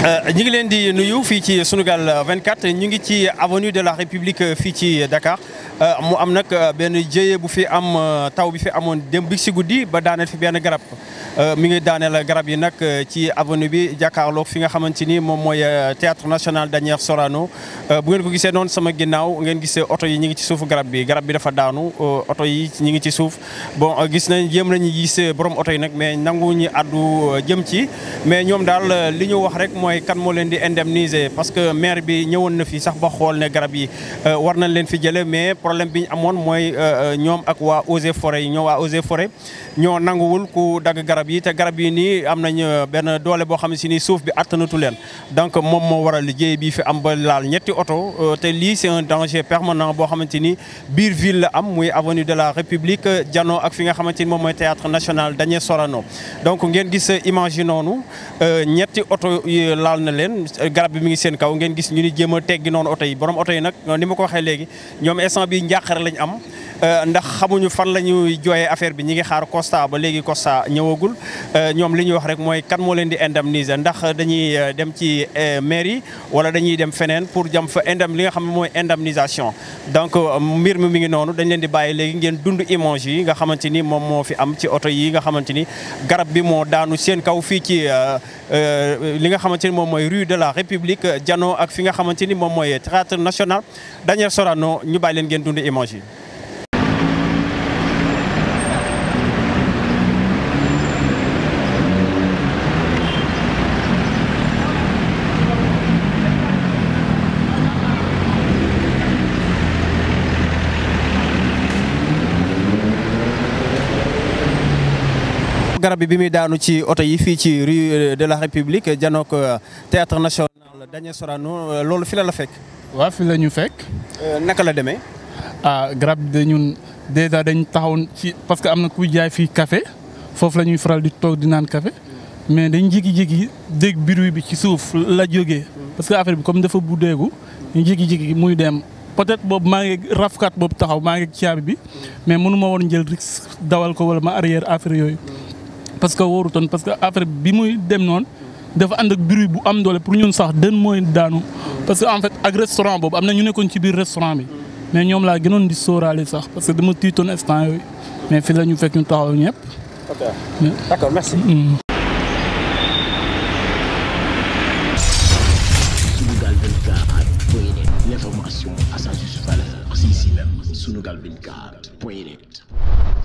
Euh, ñu ngi leen di nuyu fii ci Sunugal 24 ñu ngi ci avenue de la République euh, fii ci Dakar euh, mu am nag benn jéye bu fi am taw bi fi amoon démb bi si guddi ba daaneel fi benn garab mi ngi daaneel garab yi nag ci avenue bi jàkkaarloog fi nga xamante ni moom mooy théâtre national Daniel Sorano bu ngeen ko gisee noonu sama ginnaaw ngeen gisee oto yi ñu ngi ci suufu garab bi garab bi dafa daanu oto yi ñu ngi ci suuf bon gis nañ jéem nañu gis borom oto yi nag mais nanguñu àddu jëm ci mais ñoom daal li ñu wax rek mooy kan moo leen di indemniser parce que maire bi ñëwoon na fi sax ba xool ne garab yi euh, war nañ leen fi jële mais problème bi ñu amoon mooy euh, euh, ñoom ak waa eaux forêt yi ñoo waa eaux et forêt ñoo nanguwul ku dagg garab yi te garab yi nii am nañ benn doole boo xam ne si ni suuf bi attanatu leen donc moom moo waral a liggéey bi fi am ba laal ñetti oto te lii c'est un danger permanent boo xamante ni biir ville la am muy avenue de la République jano ak fi nga xamante ni moom mooy théâtre national Daniel Sorano donc laal na leen garab bi mi ngi seen kaw ngeen gis ñu ni jéem a teggi noonu oto yi borom oto yi nag ni ma ko waxee léegi ñoom instant bi njàqare lañ am Euh, ndax xamuñu fan la ñuy jooyee affaire bi ñi ngi xaar constat ba léegi constat ñëwagul euh, ñoom li ñuy wax rek mooy kan moo leen di indemniser ndax dañuy euh, dem ci mairie wala dañuy dem feneen pour jam fa indem li nga xam ne mooy indemnisation donc mbir mi mi ngi noonu dañu leen di bàyyi léegi ngeen dund image yi nga xamante ni moom moo fi am ci oto yi nga xamante ni garab bi moo daanu seen kaw fii ci li nga xamante ni moom mooy rue de la République jano ak fi nga xamante ni moom mooy théâtre national Daniel Sorano ñu bàyyi ngeen dund image yi garab bi bi muy daanu ci oto yi fii ci rue euh, de la République euh, janook euh, théâtre national Daniel Sorano loolu fi la la fekk. waa fi la ñu fekk. naka la deme ah garab de ñun dèjà dañ taxaw ci parce que am na ku jaay fii kafe foofu la ñuy faral di toog di naan café mais dañ jékki-jékki dégg bruit bi ci suuf la jógee. parce que affaire bi comme dafa buddeeku ñu jékki-jékki muy dem peut-être boobu maa ngi rafkat boobu taxaw maa ngi caabi bi mais mënu ma woon jël risque dawal ko wala ma affaire yooyu. parce que wóorutoon parce que affaire bi muy dem noonu dafa ànd ak bruit bu am doole pour ñun sax den mooy daanu parce que en fait ak restaurant boobu am na ñu nekkoon ci biir restaurant bi mais ñoom laa gënoon di sóoraale sax parce que dama tiitoon instant yooyu mais fii la ñu fekk ñu taxaw ñëpp. d'accord merci. Mm. Sunugal 24